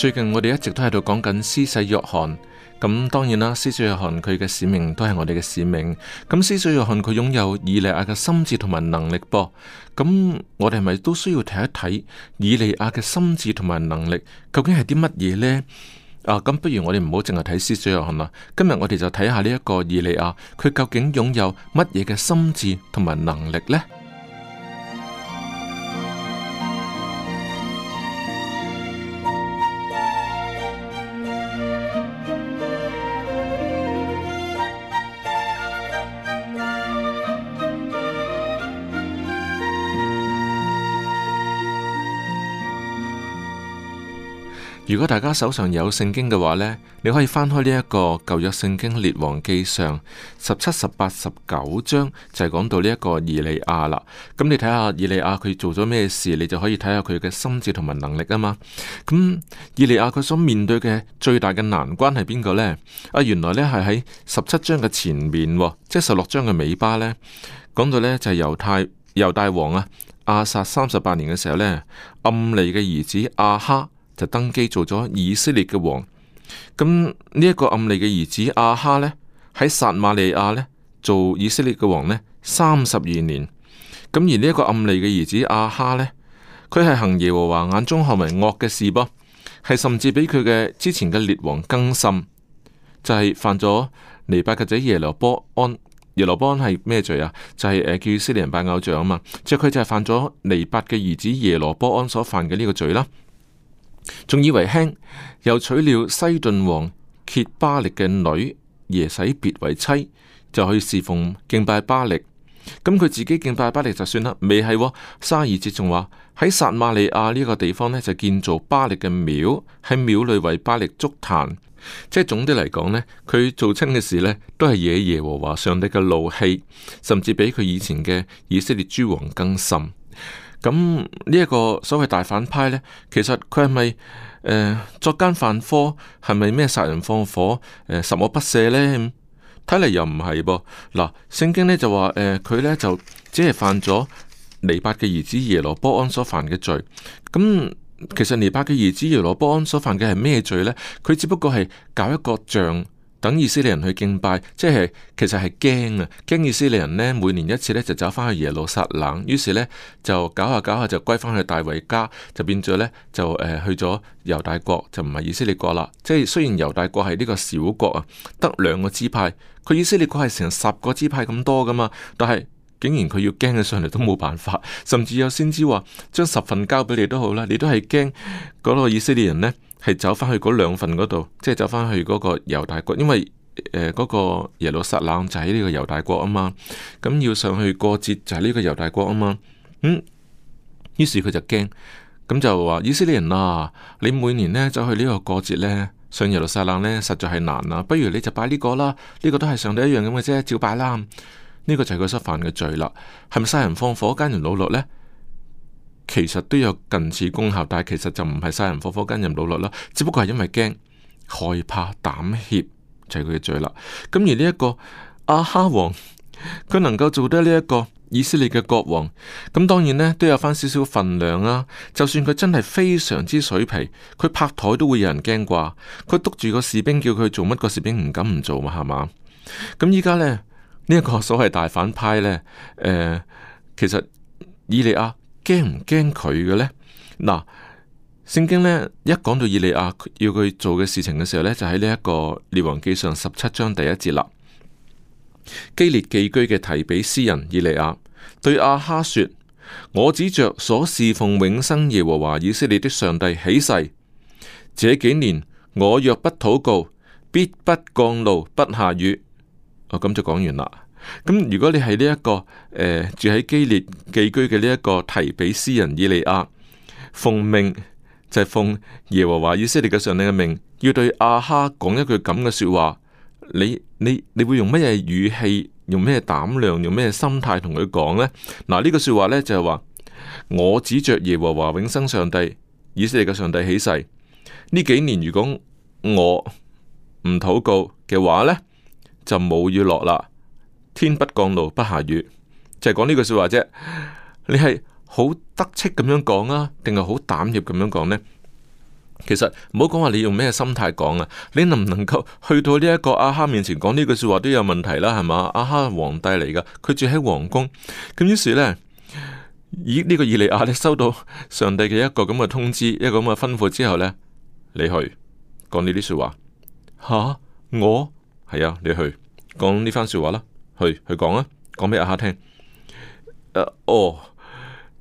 最近我哋一直都喺度講緊施洗約翰，咁當然啦，施洗約翰佢嘅使命都係我哋嘅使命。咁施洗約翰佢擁有以利亞嘅心智同埋能力噃。咁我哋係咪都需要睇一睇以利亞嘅心智同埋能力究竟係啲乜嘢呢？啊，咁不如我哋唔好淨係睇施洗約翰啦，今日我哋就睇下呢一個以利亞，佢究竟擁有乜嘢嘅心智同埋能力呢？如果大家手上有聖經嘅話呢，你可以翻開呢、這、一個舊約聖經列王記上十七、十八、十九章，就係、是、講到呢一個以利亞啦。咁、嗯、你睇下以利亞佢做咗咩事，你就可以睇下佢嘅心智同埋能力啊嘛。咁、嗯、以利亞佢所面對嘅最大嘅難關係邊個呢？啊，原來呢係喺十七章嘅前面，哦、即係十六章嘅尾巴呢。講到呢就係、是、猶太猶大王啊亞撒三十八年嘅時候呢，暗利嘅兒子阿哈，就登基做咗以色列嘅王。咁呢一個暗利嘅兒子阿哈呢，喺撒馬利亞呢做以色列嘅王呢三十二年。咁而呢一個暗利嘅兒子阿哈呢，佢係行耶和華眼中看為惡嘅事，噃，係甚至比佢嘅之前嘅列王更甚，就係、是、犯咗尼伯嘅仔耶羅波安。耶羅波安係咩罪啊？就係誒，叫以色列人拜偶像啊嘛。即係佢就係、是、犯咗尼伯嘅兒子耶羅波安所犯嘅呢個罪啦、啊。仲以為輕，又娶了西頓王謁巴力嘅女耶洗別為妻，就去侍奉敬拜巴力。咁佢自己敬拜巴力就算啦，未係，哦。沙爾哲仲話喺撒瑪利亞呢個地方呢，就建造巴力嘅廟，喺廟裏為巴力築壇。即係總啲嚟講呢，佢做親嘅事呢，都係惹耶和華上帝嘅怒氣，甚至比佢以前嘅以色列諸王更甚。咁呢一個所謂大反派呢，其實佢係咪誒作奸犯科，係咪咩殺人放火誒十惡不赦呢？睇嚟，又唔係噃。嗱，聖經呢就話誒佢呢就只係犯咗尼伯嘅兒子耶羅波安所犯嘅罪。咁、嗯、其實尼伯嘅兒子耶羅波安所犯嘅係咩罪呢？佢只不過係搞一個像。等以色列人去敬拜，即係其實係驚啊！驚以色列人呢，每年一次呢就走翻去耶路撒冷，於是呢就搞下搞下就歸翻去大衛家，就變咗呢就誒去咗猶大國，就唔係以色列國啦。即係雖然猶大國係呢個小國啊，得兩個支派，佢以色列國係成十個支派咁多噶嘛，但係竟然佢要驚起上嚟都冇辦法，甚至有先知話將十份交俾你都好啦，你都係驚嗰個以色列人呢。係走翻去嗰兩份嗰度，即係走翻去嗰個猶大國，因為誒嗰、呃那個耶路撒冷就喺呢個猶大國啊嘛，咁要上去過節就係呢個猶大國啊嘛，嗯，於是佢就驚，咁就話以色列人啊，你每年呢走去呢個過節呢，上耶路撒冷呢，實在係難啊。不如你就擺呢個啦，呢、這個都係上帝一樣咁嘅啫，照擺啦，呢、這個就係佢失犯嘅罪啦，係咪殺人放火姦淫擄掠呢？」其實都有近似功效，但係其實就唔係殺人火火、姦淫擄掠啦，只不過係因為驚、害怕、膽怯就係佢嘅罪啦。咁而呢、這、一個阿、啊、哈王，佢能夠做得呢一個以色列嘅國王，咁當然呢都有翻少少份量啊。就算佢真係非常之水皮，佢拍台都會有人驚啩，佢督住個士兵叫佢做乜，個士兵唔敢唔做嘛係嘛。咁而家呢，呢、這、一個所謂大反派呢，誒、呃，其實以利亞。驚唔驚佢嘅呢？嗱，聖經呢，一講到以利亞要佢做嘅事情嘅時候呢，就喺呢一個列王記上十七章第一節啦。基列寄居嘅提比斯人以利亞對阿哈說：我指着所侍奉永生耶和華以色列的上帝起誓，這幾年我若不禱告，必不降露不下雨。我、哦、咁就講完啦。咁如果你係呢一個誒、呃、住喺基列寄居嘅呢一個提比斯人以利亞，奉命就係、是、奉耶和華以色列嘅上帝嘅命，要對阿哈講一句咁嘅說話。你你你會用乜嘢語氣，用咩膽量，用咩心態同佢講呢？嗱、啊，呢、這個說話咧就係、是、話我指著耶和華永生上帝以色列嘅上帝起誓，呢幾年如果我唔禱告嘅話咧，就冇雨落啦。天不降露不下雨，就係講呢句說話啫。你係好得戚咁樣講啊，定係好膽怯咁樣講呢？其實唔好講話，你用咩心態講啊？你能唔能夠去到呢一個阿哈面前講呢句說話都有問題啦，係嘛？阿哈皇帝嚟噶，佢住喺皇宮咁。於是呢，以呢、這個以利亞你收到上帝嘅一個咁嘅通知，一個咁嘅吩咐之後呢，你去講呢啲說話吓？我係啊，你去講呢番說話啦。去去講啊，講俾阿哈聽。哦，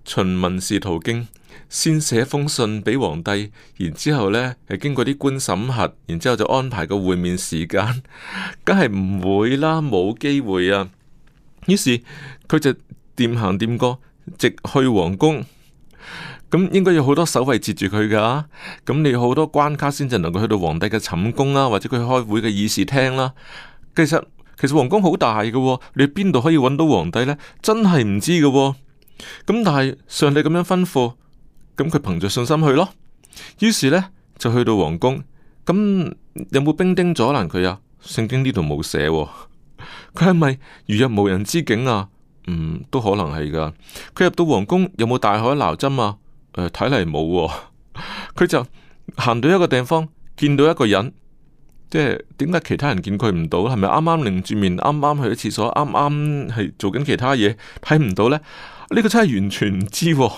循民事途經，先寫封信畀皇帝，然之後呢係經過啲官審核，然之後就安排個會面時間，梗係唔會啦，冇機會啊。於是佢就掂行掂過，直去皇宮。咁應該有好多守衛截住佢噶，咁你好多關卡先至能夠去到皇帝嘅寢宮啦，或者佢開會嘅議事廳啦。其實。其實皇宮好大嘅喎，你去邊度可以揾到皇帝咧？真係唔知嘅喎，咁但係上帝咁樣吩咐，咁佢憑着信心去咯。於是咧就去到皇宮，咁有冇兵丁阻攔佢啊？聖經呢度冇寫喎，佢係咪如入無人之境啊？嗯，都可能係噶。佢入到皇宮有冇大海撈針啊？誒、呃，睇嚟冇。佢就行到一個地方，見到一個人。即係點解其他人見佢唔到咧？係咪啱啱擰住面，啱啱去咗廁所，啱啱係做緊其他嘢睇唔到呢？呢個真係完全唔知、喎，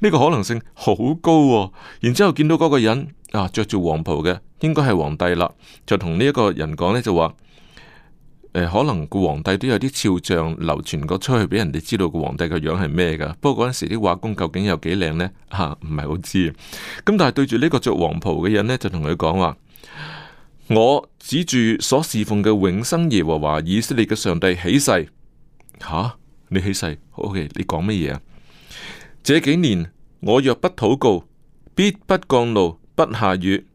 呢個可能性好高、喎。然之後見到嗰個人啊，着住黃袍嘅，應該係皇帝啦。就同呢一個人講呢，就話、呃、可能個皇帝都有啲肖像流傳咗出去俾人哋知道個皇帝嘅樣係咩噶。不過嗰陣時啲畫工究竟有幾靚呢？吓、啊，唔係好知。咁但係對住呢個着黃袍嘅人呢，就同佢講話。我指住所侍奉嘅永生耶和華以色列嘅上帝起誓，吓、啊、你起誓，O、okay, K，你講乜嘢啊？這幾年我若不禱告，必不降露不下雨。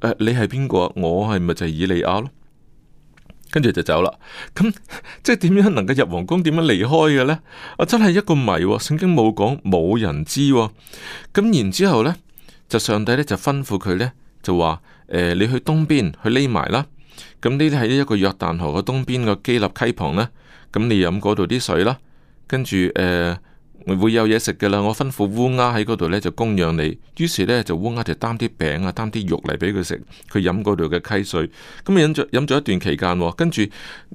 呃、你係邊個？我係咪就係以利亞咯？跟住就走啦。咁即係點樣能夠入皇宮？點樣離開嘅呢？我、啊、真係一個謎、哦。聖經冇講，冇人知、哦。咁然之後呢，就上帝呢，就吩咐佢呢，就話。誒、呃，你去東邊去匿埋啦，咁呢啲係一個約旦河嘅東邊嘅基立溪旁咧，咁你飲嗰度啲水啦，跟住誒會有嘢食嘅啦。我吩咐烏鴉喺嗰度咧就供養你，於是咧就烏鴉就擔啲餅啊，擔啲肉嚟俾佢食，佢飲嗰度嘅溪水。咁飲咗飲咗一段期間，哦、跟住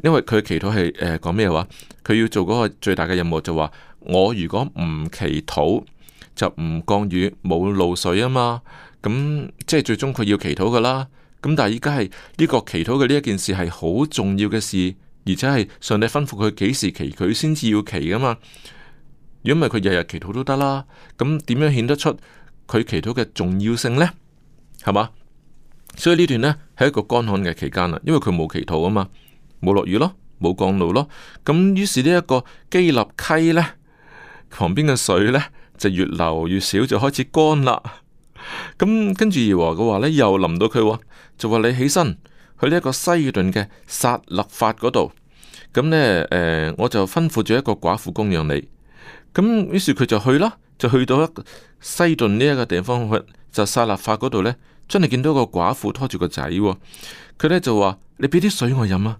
因為佢祈禱係誒、呃、講咩話？佢要做嗰個最大嘅任務就話、是：我如果唔祈禱，就唔降雨，冇露水啊嘛。咁、嗯、即係最終佢要祈禱噶啦，咁、嗯、但係而家係呢個祈禱嘅呢一件事係好重要嘅事，而且係上帝吩咐佢幾時祈佢先至要祈噶嘛。如果唔係佢日日祈禱都得啦，咁、嗯、點樣顯得出佢祈禱嘅重要性呢？係嘛？所以呢段呢係一個乾旱嘅期間啦，因為佢冇祈禱啊嘛，冇落雨咯，冇降雨咯，咁、嗯、於是呢一個基立溪呢，旁邊嘅水呢就越流越少，就開始乾啦。咁跟住耶和嘅話呢，又臨到佢就話，你起身去呢一個西頓嘅撒勒法嗰度，咁呢，誒，我就吩咐咗一個寡婦供養你。咁於是佢就去啦，就去到一西頓呢一個地方去，就撒勒法嗰度呢，真係見到個寡婦拖住個仔，佢呢就話，你俾啲水我飲啊！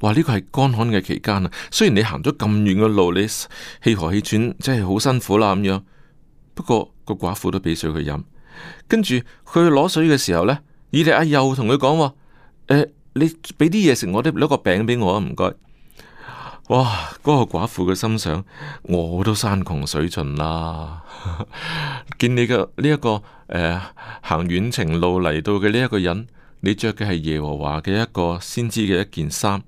話呢個係乾旱嘅期間啊，雖然你行咗咁遠嘅路，你氣何氣喘，真係好辛苦啦咁樣，不過。個寡婦都畀水佢飲，跟住佢去攞水嘅時候呢，以利亞又同佢講話：，誒、呃，你畀啲嘢食我，搦攞個餅畀我啊，唔該。哇！嗰、那個寡婦嘅心想：我都山窮水盡啦， 見你嘅呢一個誒、呃、行遠程路嚟到嘅呢一個人，你着嘅係耶和華嘅一個先知嘅一件衫。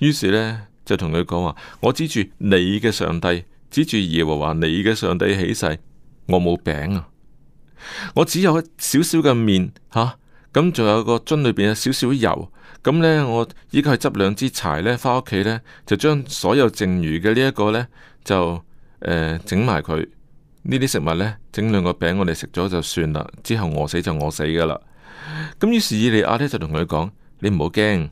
於是呢，就同佢講話：，我指住你嘅上帝，指住耶和華，你嘅上帝起誓。我冇餅啊，我只有一少少嘅麵吓，咁仲有個樽裏邊有少少油，咁、啊、呢，我依家去執兩支柴呢返屋企呢，就將所有剩餘嘅呢一個呢，就誒整埋佢，呢、呃、啲食物呢，整兩個餅我哋食咗就算啦，之後餓死就餓死噶啦。咁、啊、於是以利亞呢，就同佢講：，你唔好驚，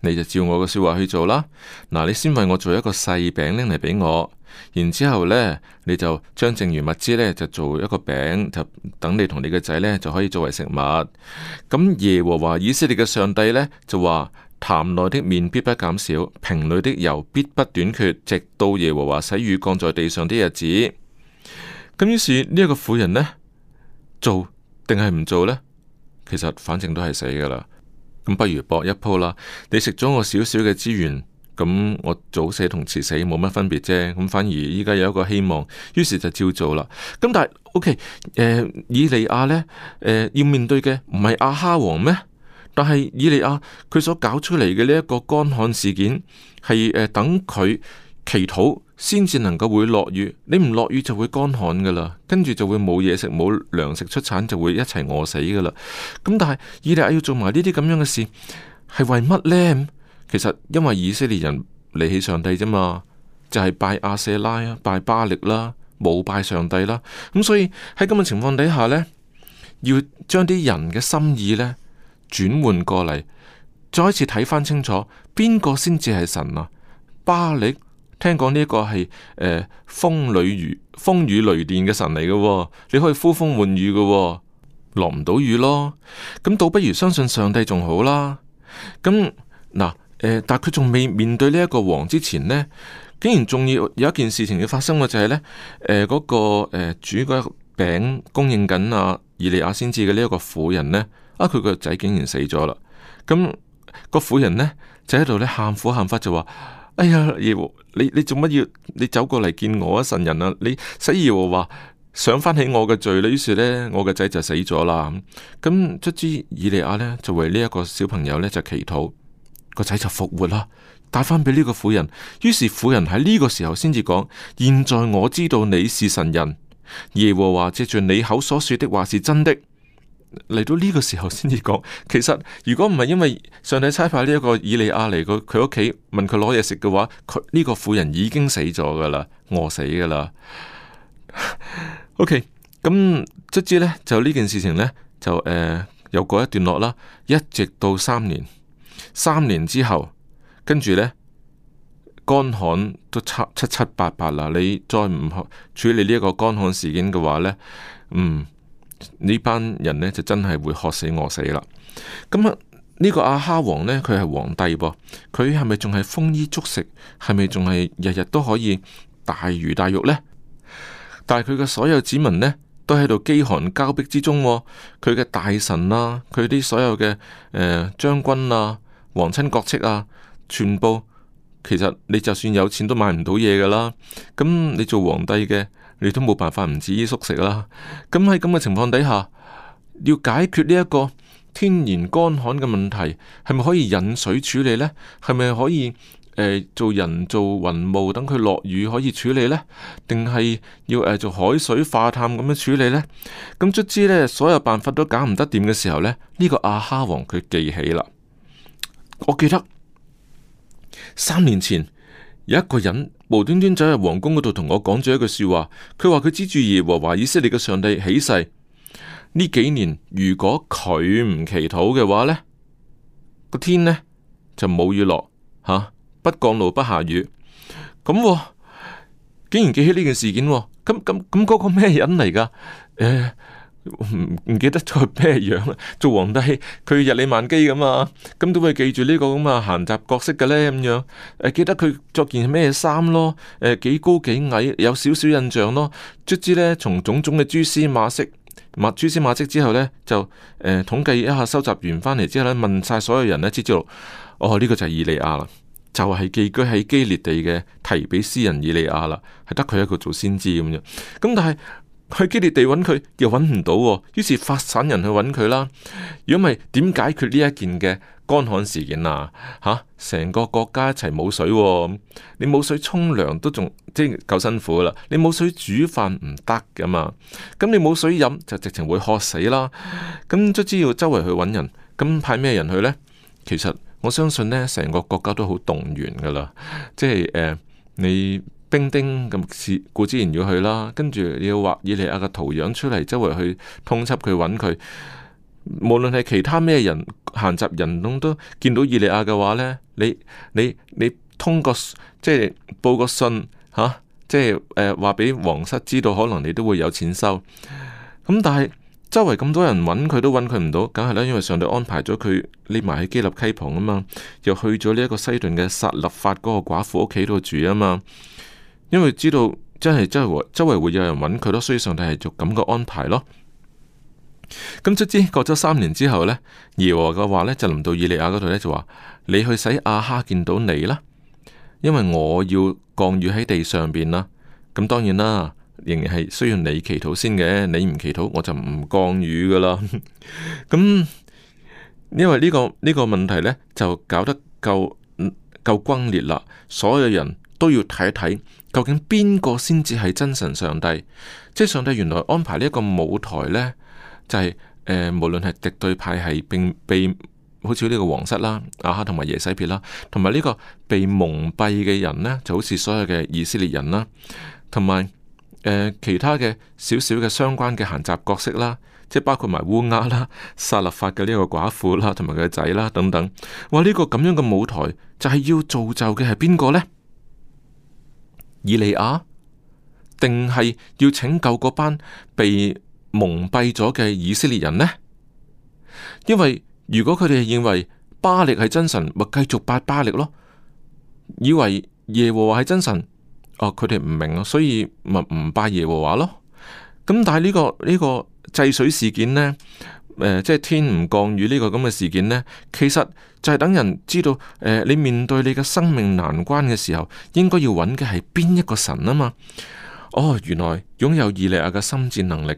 你就照我嘅說話去做啦。嗱、啊，你先為我做一個細餅拎嚟畀我。然之後咧，你就將剩餘物資呢，就做一個餅，就等你同你嘅仔呢，就可以作為食物。咁耶和華以色列嘅上帝呢，就話壇內的麵必不減少，瓶裡的油必不短缺，直到耶和華使雨降在地上的日子。咁於是呢一、這個婦人呢，做定係唔做呢？其實反正都係死噶啦，咁不如搏一鋪啦。你食咗我少少嘅資源。咁、嗯、我早死同遲死冇乜分別啫，咁、嗯、反而而家有一個希望，於是就照做啦。咁、嗯、但係，OK，誒，以、okay, 呃、利亞咧，誒、呃，要面對嘅唔係亞哈王咩？但係以利亞佢所搞出嚟嘅呢一個乾旱事件，係誒、呃、等佢祈禱先至能夠會落雨，你唔落雨就會乾旱噶啦，跟住就會冇嘢食，冇糧食出產就會一齊餓死噶啦。咁、嗯、但係以利亞要做埋呢啲咁樣嘅事，係為乜咧？其實因為以色列人離棄上帝啫嘛，就係、是、拜亞舍拉拜巴力啦，冇拜上帝啦。咁所以喺咁嘅情況底下呢，要將啲人嘅心意呢轉換過嚟，再一次睇翻清楚邊個先至係神啊？巴力聽講呢個係誒、呃、風雷雨風雨雷電嘅神嚟嘅、哦，你可以呼風喚雨嘅、哦，落唔到雨咯。咁倒不如相信上帝仲好啦。咁嗱。誒，但係佢仲未面對呢一個王之前呢，竟然仲要有一件事情要發生嘅就係呢誒嗰、呃那個誒煮嘅餅供應緊啊。以利亞先知嘅呢一個婦人呢，啊佢個仔竟然死咗啦，咁、嗯那個婦人呢，就喺度呢喊苦喊忽就話：哎呀，耶和你你做乜要你走過嚟見我啊神人啊！你使耶和話想翻起我嘅罪，於是呢，我個仔就死咗啦。咁、嗯，卒之以利亞呢，就為呢一個小朋友呢，就祈禱。個仔就復活啦，帶返畀呢個婦人。於是婦人喺呢個時候先至講：現在我知道你是神人，耶和華借住你口所說的話是真的。嚟到呢個時候先至講，其實如果唔係因為上帝差派呢一個以利亞嚟過佢屋企問佢攞嘢食嘅話，佢呢、這個婦人已經死咗噶啦，餓死噶啦。O K，咁卒之呢就呢件事情呢就誒、呃、有過一段落啦，一直到三年。三年之後，跟住呢，乾旱都七七七八八啦。你再唔處理呢一個乾旱事件嘅話呢，嗯，呢班人呢就真係會渴死餓死啦。咁、嗯、啊、呢、這個阿哈王呢，佢係皇帝噃、哦，佢係咪仲係豐衣足食？係咪仲係日日都可以大魚大肉呢？但係佢嘅所有子民呢，都喺度饑寒交迫之中、哦。佢嘅大臣啦、啊，佢啲所有嘅誒、呃、將軍啊。皇親國戚啊，全部其實你就算有錢都買唔到嘢噶啦。咁你做皇帝嘅，你都冇辦法唔節衣縮食啦。咁喺咁嘅情況底下，要解決呢一個天然乾旱嘅問題，係咪可以引水處理呢？係咪可以誒、呃、做人造雲霧，等佢落雨可以處理呢？定係要誒、呃、做海水化淡咁樣處理呢？咁卒之呢所有辦法都搞唔得掂嘅時候呢，呢、這個阿哈王佢記起啦。我記得三年前有一個人無端端走入皇宮嗰度同我講咗一句說話，佢話佢指住耶和華以色列嘅上帝起誓，呢幾年如果佢唔祈禱嘅話呢個天呢就冇雨落吓、啊，不降露不下雨，咁、啊、竟然記起呢件事件、啊，咁咁咁嗰個咩人嚟㗎？呃唔唔記得做咩樣啦？做皇帝佢日理萬機噶嘛，咁都會記住呢個咁啊閒雜角色嘅呢。咁樣。誒記得佢着件咩衫咯？誒幾高幾矮，有少少印象咯。卒之呢，從種種嘅蛛絲馬跡，抹蛛絲馬跡之後呢，就誒、呃、統計一下，收集完翻嚟之後呢，問晒所有人咧，知道哦呢、呢個就係以利亞啦，就係、是、寄居喺基列地嘅提比斯人以利亞啦，係得佢一個做先知咁樣。咁但係。去激烈地揾佢，又揾唔到，啊，於是發散人去揾佢啦。如果唔係點解決呢一件嘅乾旱事件啊？嚇、啊，成個國家一齊冇水，啊，你冇水沖涼都仲即係夠辛苦啦。你冇水煮飯唔得噶嘛，咁你冇水飲就直情會渴死啦。咁卒之要周圍去揾人，咁派咩人去呢？其實我相信呢，成個國家都好動員噶啦，即係、呃、你。兵丁咁固之然要去啦，跟住你要畫以利亞嘅圖樣出嚟，周圍去通緝佢，揾佢。無論係其他咩人閒雜人都，都見到以利亞嘅話呢，你你你通過即係報個信吓，即係誒話俾皇室知道，可能你都會有錢收。咁但係周圍咁多人揾佢都揾佢唔到，梗係啦，因為上帝安排咗佢匿埋喺基立溪旁啊嘛，又去咗呢一個西頓嘅撒立法嗰個寡婦屋企度住啊嘛。因為知道真係真係周圍會有人揾佢，都需要上帝係做咁個安排咯。咁卒之過咗三年之後呢，耶和華嘅話咧就嚟到以利亞嗰度呢，就話：你去使阿哈見到你啦，因為我要降雨喺地上邊啦。咁、嗯、當然啦，仍然係需要你祈禱先嘅。你唔祈禱，我就唔降雨噶啦。咁、 嗯、因為呢、呢個呢、呢個問題咧就搞得夠夠轟烈啦，所有人都要睇一睇。究竟邊個先至係真神上帝？即係上帝原來安排呢一個舞台呢，就係、是、誒、呃，無論係敵對派系，並被好似呢個皇室啦、亞哈，同埋耶洗別啦，同埋呢個被蒙蔽嘅人呢，就好似所有嘅以色列人啦，同埋誒其他嘅少少嘅相關嘅閒雜角色啦，即係包括埋烏鴉啦、撒勒法嘅呢個寡婦啦，同埋佢個仔啦等等。哇！呢、這個咁樣嘅舞台就係、是、要造就嘅係邊個呢？以利亞，定係要拯救嗰班被蒙蔽咗嘅以色列人呢？因為如果佢哋認為巴力係真神，咪繼續拜巴力咯；以為耶和華係真神，哦，佢哋唔明咯，所以咪唔拜耶和華咯。咁但係呢個呢個祭水事件呢？誒、呃，即係天唔降雨呢個咁嘅事件呢，其實就係等人知道，誒、呃，你面對你嘅生命難關嘅時候，應該要揾嘅係邊一個神啊嘛？哦，原來擁有以利亞嘅心智能力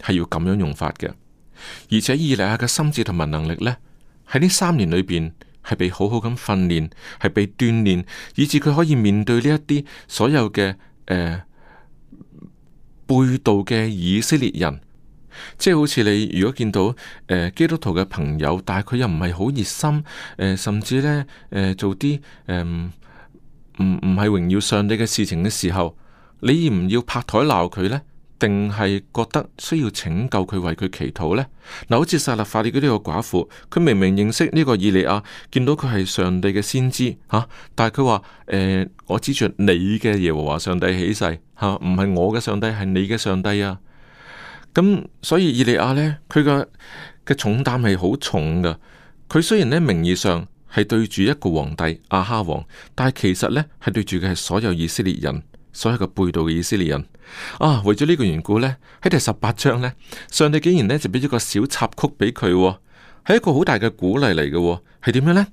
係要咁樣用法嘅，而且以利亞嘅心智同埋能力呢，喺呢三年裏邊係被好好咁訓練，係被鍛煉，以至佢可以面對呢一啲所有嘅誒、呃、背道嘅以色列人。即係好似你如果見到、呃、基督徒嘅朋友，但係佢又唔係好熱心、呃、甚至呢，呃、做啲唔唔係榮耀上帝嘅事情嘅時候，你要唔要拍台鬧佢呢，定係覺得需要拯救佢為佢祈禱呢？嗱、呃，好似撒勒法呢個寡婦，佢明明認識呢個以利亞，見到佢係上帝嘅先知吓、嗯，但係佢話我指住你嘅耶和華上帝起誓吓，唔、嗯、唔係我嘅上帝，係你嘅上帝啊。咁所以以利亞呢，佢個嘅重擔係好重噶。佢雖然呢，名義上係對住一個皇帝阿哈王，但係其實呢，係對住嘅係所有以色列人，所有嘅背道嘅以色列人。啊，為咗呢個緣故呢，喺第十八章呢，上帝竟然呢，就俾咗個小插曲俾佢，係一個好大嘅鼓勵嚟嘅。係點樣呢？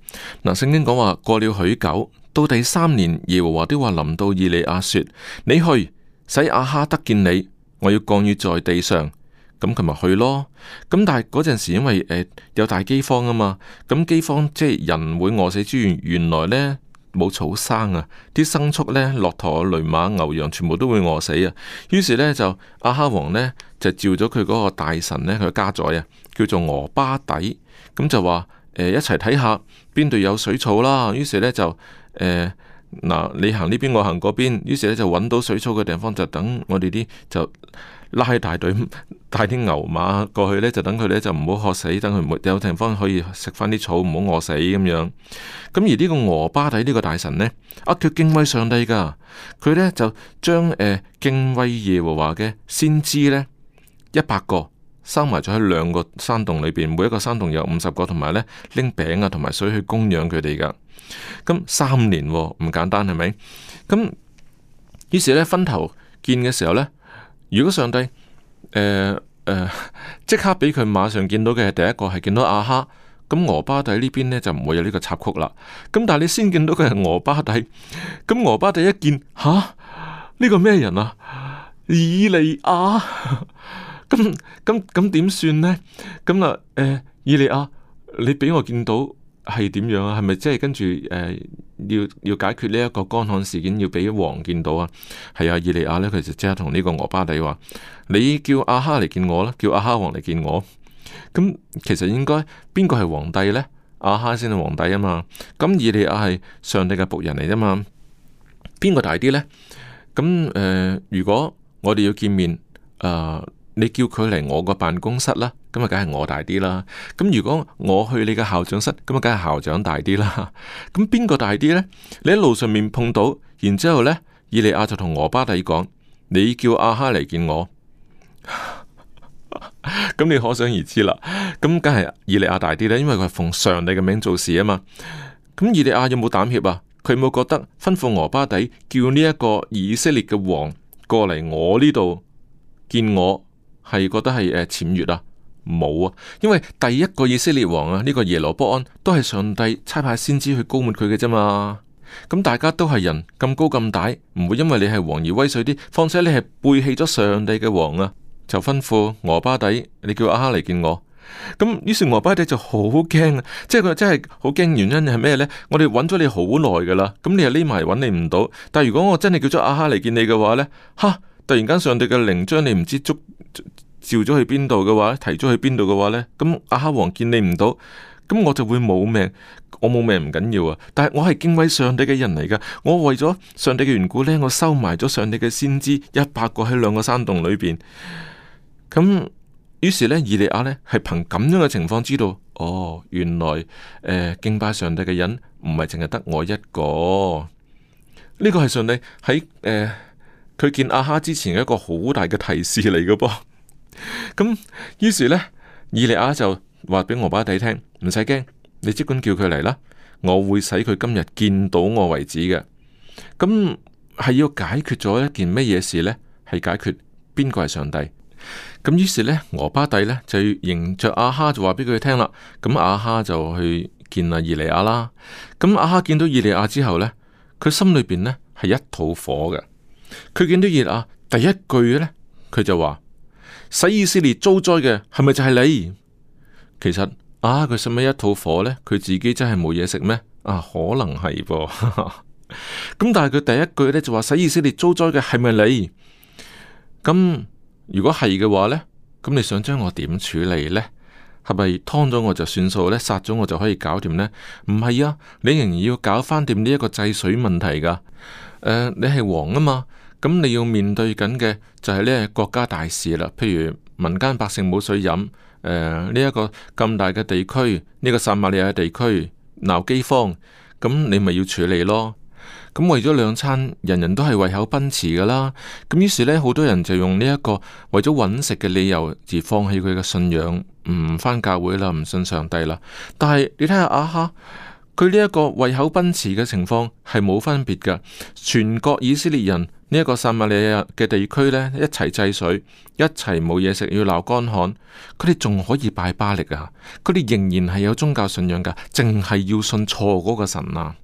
嗱，聖經講話，過了許久，到第三年，耶和華都話臨到以利亞說：你去，使阿哈得見你。我要降雨在地上，咁佢咪去咯。咁但係嗰陣時，因為誒、呃、有大饑荒啊嘛，咁饑荒即係人會餓死之餘，原來呢冇草生啊，啲牲畜呢，駱駝、驢馬、牛羊全部都會餓死啊。於是呢，就亞哈王呢，就召咗佢嗰個大臣呢，佢家宰啊，叫做俄巴底，咁就話誒、呃、一齊睇下邊度有水草啦。於是呢，就誒。呃嗱，你行呢邊，我行嗰邊，於是咧就揾到水草嘅地方就等我哋啲就拉大隊帶啲牛馬過去咧，就等佢咧就唔好渴死，等佢冇有地方可以食返啲草，唔好餓死咁樣。咁而呢個俄巴底呢個大臣咧，阿、啊、佢敬畏上帝噶，佢咧就將誒、呃、敬畏耶和華嘅先知咧一百個。收埋咗喺兩個山洞裏邊，每一個山洞有五十個，同埋呢拎餅啊，同埋水去供養佢哋噶。咁、嗯、三年唔、啊、簡單，係咪？咁、嗯、於是呢，分頭見嘅時候呢，如果上帝即、呃呃、刻俾佢馬上見到嘅係第一個係見到亞、啊、哈，咁、嗯、俄巴底呢邊呢，就唔會有呢個插曲啦。咁、嗯、但係你先見到嘅係俄巴底，咁、嗯、俄巴底一見吓呢、呢個咩人啊？以利亞。 咁咁點算呢？咁啊，誒、欸，以利亞，你俾我見到係點樣啊？係咪即係跟住誒、欸，要要解決呢一個乾旱事件，要俾王見到啊？係啊，以利亞咧，佢就即刻同呢個俄巴底話：你叫阿哈嚟見我啦，叫阿哈王嚟見我。咁其實應該邊個係皇帝呢？阿哈先係皇帝啊嘛。咁以利亞係上帝嘅僕人嚟啊嘛。邊個大啲呢？咁誒、呃，如果我哋要見面啊？呃你叫佢嚟我個辦公室啦，咁啊梗係我大啲啦。咁如果我去你嘅校長室，咁啊梗係校長大啲啦。咁邊個大啲呢？你喺路上面碰到，然之後咧，以利亞就同俄巴底講：你叫阿哈嚟見我。咁 你可想而知啦。咁梗係以利亞大啲咧，因為佢係奉上帝嘅名做事啊嘛。咁以利亞有冇膽怯啊？佢有冇覺得吩咐俄巴底叫呢一個以色列嘅王過嚟我呢度見我？係覺得係誒，僭、呃、越啦、啊，冇啊！因為第一個以色列王啊，呢、這個耶羅波安都係上帝差派先知去膏抹佢嘅啫嘛。咁、嗯、大家都係人咁高咁大，唔會因為你係王而威水啲。況且你係背棄咗上帝嘅王啊，就吩咐俄巴底，你叫阿哈嚟見我。咁、嗯、於是俄巴底就好驚啊，即係佢真係好驚。原因係咩呢？我哋揾咗你好耐噶啦，咁、嗯、你又匿埋揾你唔到。但係如果我真係叫咗阿哈嚟見你嘅話呢？吓！突然間，上帝嘅靈將你唔知捉召咗去邊度嘅話，提咗去邊度嘅話呢？咁亞哈王見你唔到，咁我就會冇命。我冇命唔緊要啊，但係我係敬畏上帝嘅人嚟噶，我為咗上帝嘅緣故呢，我收埋咗上帝嘅先知一百個喺兩個山洞裏邊。咁於是呢，以利亞呢係憑咁樣嘅情況知道，哦，原來、呃、敬拜上帝嘅人唔係淨係得我一個。呢、這個係上帝喺誒。呃佢見阿哈之前嘅一個好大嘅提示嚟嘅噃，噉咁於是呢，以利亞就話畀俄巴底聽，唔使驚，你儘管叫佢嚟啦，我會使佢今日見到我為止嘅。咁 係、嗯、要解決咗一件乜嘢事呢？係解決邊個係上帝？咁 於是呢，俄巴底呢就要迎着阿哈就話畀佢聽啦。咁、啊、阿哈就去見阿、啊、以利亞啦。咁 阿、啊、哈見到以利亞之後呢，佢心裏邊呢係一肚火嘅。佢見到熱啊，第一句呢，佢就話：使以色列遭災嘅係咪就係你？其實啊，佢使唔使一肚火呢，佢自己真係冇嘢食咩？啊，可能係噃。咁 但係佢第一句呢就話：使以色列遭災嘅係咪你？咁如果係嘅話呢，咁你想將我點處理呢？係咪劏咗我就算數呢？殺咗我就可以搞掂呢？唔係啊，你仍然要搞翻掂呢一個制水問題噶。呃，你係王啊嘛？咁你要面對緊嘅就係呢個國家大事啦，譬如民間百姓冇水飲，呃，呢一個咁大嘅地區，呢個撒馬利亞地區鬧饑荒，咁你咪要處理咯。咁為咗兩餐，人人都係為口奔馳噶啦。咁於是呢，好多人就用呢一個為咗揾食嘅理由而放棄佢嘅信仰，唔返教會啦，唔信上帝啦。但係你睇下亞哈，佢呢一個為口奔馳嘅情況係冇分別嘅，全國以色列人。呢一個撒瑪利亞嘅地區呢，一齊制水，一齊冇嘢食，要鬧乾旱，佢哋仲可以拜巴力啊！佢哋仍然係有宗教信仰噶，淨係要信錯嗰個神啊！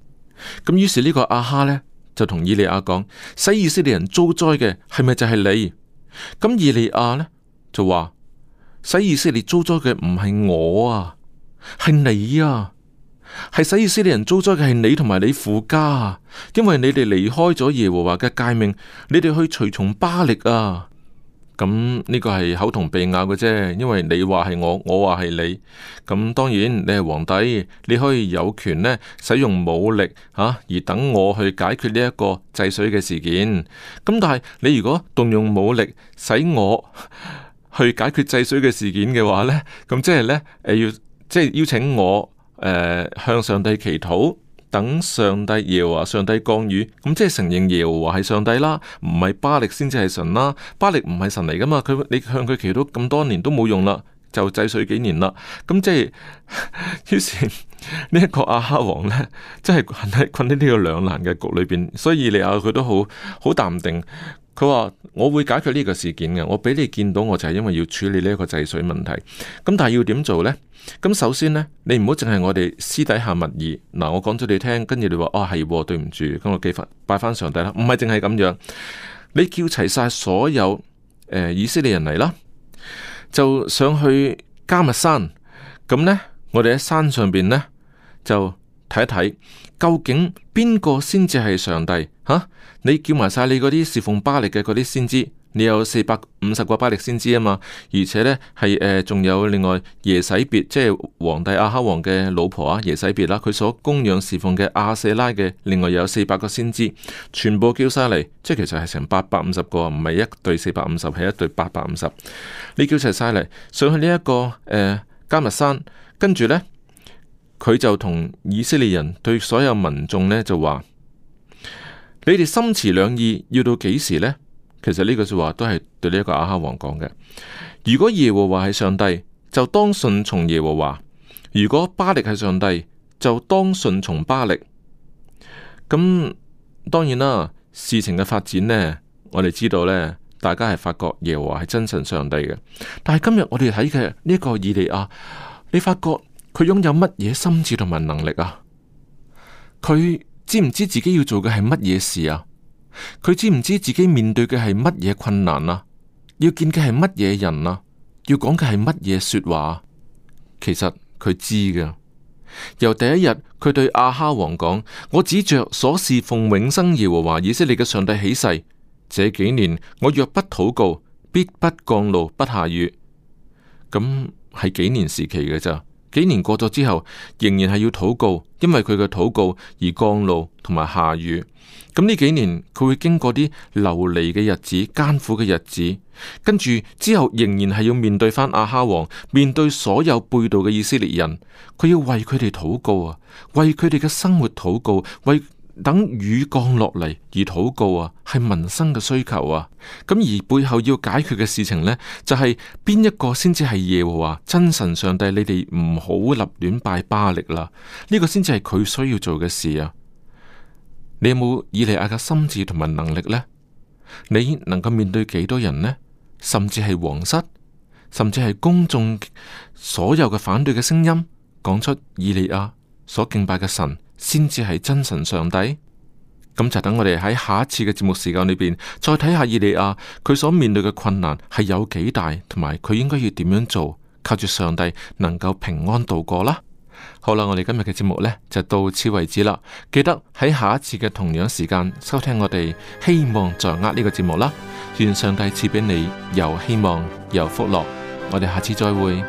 咁於是呢個阿哈呢，就同以利亞講：「使以色列人遭災嘅係咪就係你？咁以利亞呢，就話：使以色列遭災嘅唔係我啊，係你啊！係使以色列人遭災嘅係你同埋你父家，因為你哋離開咗耶和華嘅誡命，你哋去隨從巴力啊！咁、嗯、呢、這個係口同鼻拗嘅啫，因為你話係我，我話係你。咁、嗯、當然你係皇帝，你可以有權呢使用武力啊，而等我去解決呢一個制水嘅事件。咁、嗯、但係你如果動用武力使我去解決制水嘅事件嘅話呢，咁、嗯、即係呢，誒、呃、要即係邀請我。向上帝祈禱，等上帝耶和華，上帝降雨，咁即係承認耶和華係上帝啦，唔係巴力先至係神啦，巴力唔係神嚟噶嘛，佢你向佢祈禱咁多年都冇用啦，就制水幾年啦，咁即係，於 是呢一、這個阿哈王呢，真係困喺困喺呢個兩難嘅局裏邊，所以利亞佢都好好淡定。佢話：我會解決呢個事件嘅，我俾你見到我就係因為要處理呢一個滯水問題。咁但係要點做呢？咁首先呢，你唔好淨係我哋私底下密議。嗱，我講咗你聽，跟住你話：哦，係，對唔住，咁我記翻拜翻上帝啦。唔係淨係咁樣，你叫齊晒所有誒以色列人嚟啦，就上去迦密山。咁呢，我哋喺山上邊呢就。睇一睇究竟邊個先至係上帝吓？你叫埋晒你嗰啲侍奉巴力嘅嗰啲先知，你有四百五十個巴力先知啊嘛？而且呢，係誒，仲、呃、有另外耶洗別，即係皇帝亞哈王嘅老婆啊，耶洗別啦、啊，佢所供養侍奉嘅亞舍拉嘅，另外有四百個先知，全部叫晒嚟，即係其實係成八百五十個，唔係一對四百五十，係一對八百五十，你叫齊晒嚟上去呢、這、一個誒、呃、迦密山，跟住呢。佢就同以色列人對所有民眾呢，就話：你哋心持兩意要到幾時呢？其實呢句說話都係對呢一個亞哈王講嘅。如果耶和華係上帝，就當順從耶和華；如果巴力係上帝，就當順從巴力。咁當然啦，事情嘅發展呢，我哋知道呢，大家係發覺耶和華係真神上帝嘅。但係今日我哋睇嘅呢一個以利亞，你發覺。佢擁有乜嘢心智同埋能力啊？佢知唔知自己要做嘅係乜嘢事啊？佢知唔知自己面對嘅係乜嘢困難啊？要見嘅係乜嘢人啊？要講嘅係乜嘢說話？其實佢知㗎。由第一日，佢對阿哈王講：我指着所事奉永生耶和華以色列嘅上帝起誓，這幾年我若不禱告，必不降露不下雨。咁係幾年時期嘅咋。幾年過咗之後，仍然係要禱告，因為佢嘅禱告而降露同埋下雨。咁呢幾年佢會經過啲流離嘅日子、艱苦嘅日子，跟住之後仍然係要面對返亞哈王，面對所有背道嘅以色列人，佢要為佢哋禱告啊，為佢哋嘅生活禱告，為告。為等雨降落嚟而禱告啊，係民生嘅需求啊。咁而背後要解決嘅事情咧，就係邊一個先至係耶和華真神上帝？你哋唔好立亂拜巴力啦。呢個先至係佢需要做嘅事啊。你有冇以利亞嘅心智同埋能力呢？你能夠面對幾多人呢？甚至係皇室，甚至係公眾所有嘅反對嘅聲音，講出以利亞所敬拜嘅神。先至係真神上帝，咁就等我哋喺下一次嘅節目時間裏邊，再睇下，以利亞佢所面對嘅困難係有幾大，同埋佢應該要點樣做，靠住上帝能夠平安度過啦。好啦，我哋今日嘅節目呢就到此為止啦。記得喺下一次嘅同樣時間收聽我哋，希望在握呢個節目啦。願上帝賜俾你又希望又福樂。我哋下次再會。